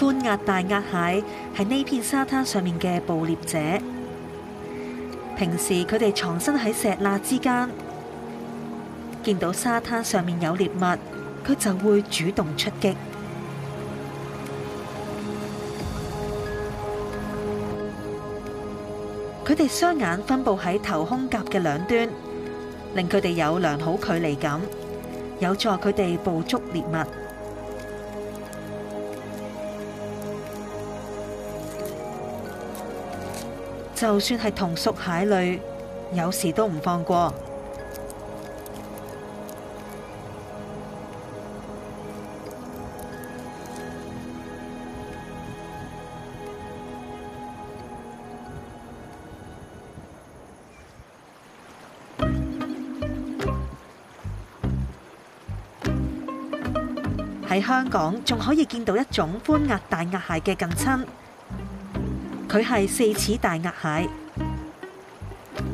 寬額大額蟹係呢片沙灘上面嘅捕獵者，平時佢哋藏身喺石罅之間，見到沙灘上面有獵物，佢就會主動出擊。佢哋雙眼分布喺頭胸甲嘅兩端，令佢哋有良好距離感，有助佢哋捕捉獵物。就算係同屬蟹類，有時都唔放過。喺香港仲可以見到一種寬額大額蟹嘅近親。佢係四齒大額蟹，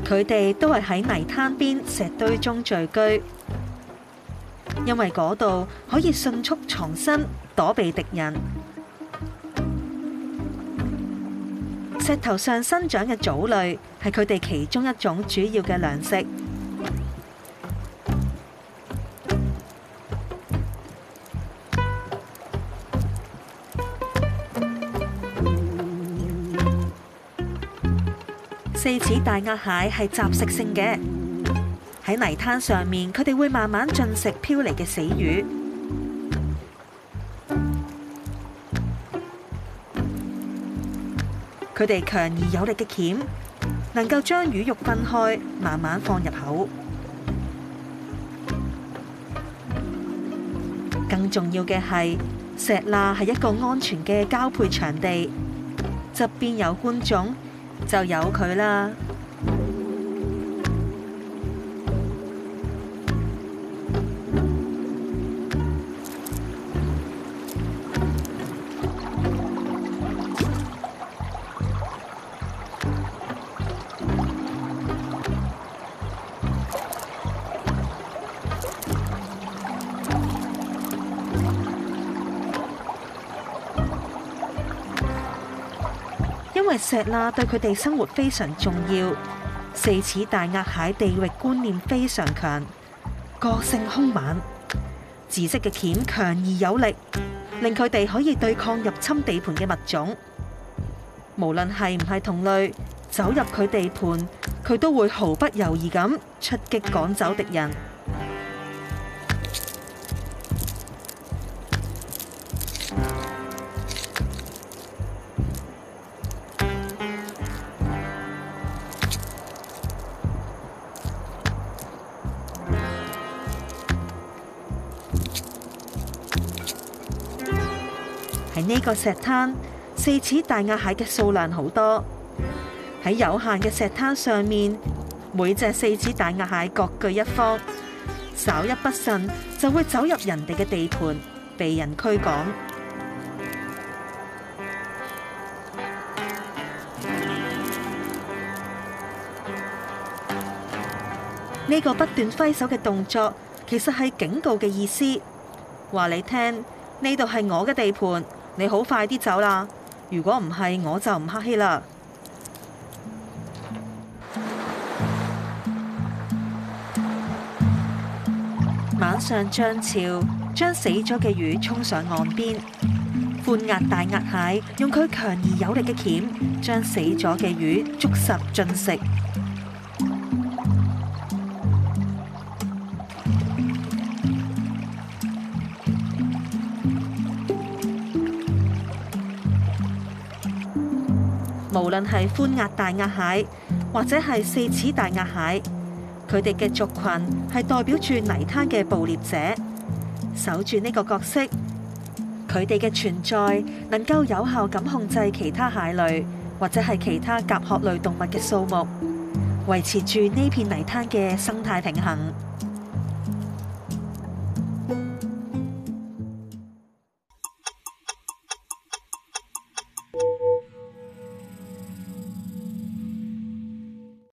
佢哋都係喺泥灘邊石堆中聚居，因為嗰度可以迅速藏身，躲避敵人。石頭上生長嘅藻類係佢哋其中一種主要嘅糧食。四齒大額蟹係雜食性嘅，喺泥灘上面，佢哋會慢慢進食飄嚟嘅死魚。佢哋強而有力嘅鉗，能夠將魚肉分開，慢慢放入口。更重要嘅係，石罅係一個安全嘅交配場地，側邊有觀眾。就有佢啦。因為石罅對佢哋生活非常重要，四齒大額蟹地域觀念非常強，個性凶猛，自制嘅鉗強而有力，令佢哋可以對抗入侵地盤嘅物種。無論係唔係同類，走入佢地盤，佢都會毫不猶豫咁出擊趕走敵人。喺呢個石灘，四齒大額蟹嘅數量好多。喺有限嘅石灘上面，每隻四齒大額蟹各據一方。稍一不慎，就會走入人哋嘅地盤，被人驅趕。呢 個不斷揮手嘅動作，其實係警告嘅意思。話你聽，呢度係我嘅地盤。你好快啲走啦！如果唔係，我就唔客氣啦。晚上漲潮，將死咗嘅魚衝上岸邊，寬額大額蟹用佢強而有力嘅鉗，將死咗嘅魚捉實進食。無論係寬額大額蟹或者係四齒大額蟹，佢哋嘅族群係代表住泥灘嘅捕獵者，守住呢個角色。佢哋嘅存在能夠有效咁控制其他蟹類或者係其他甲殼類動物嘅數目，維持住呢片泥灘嘅生態平衡。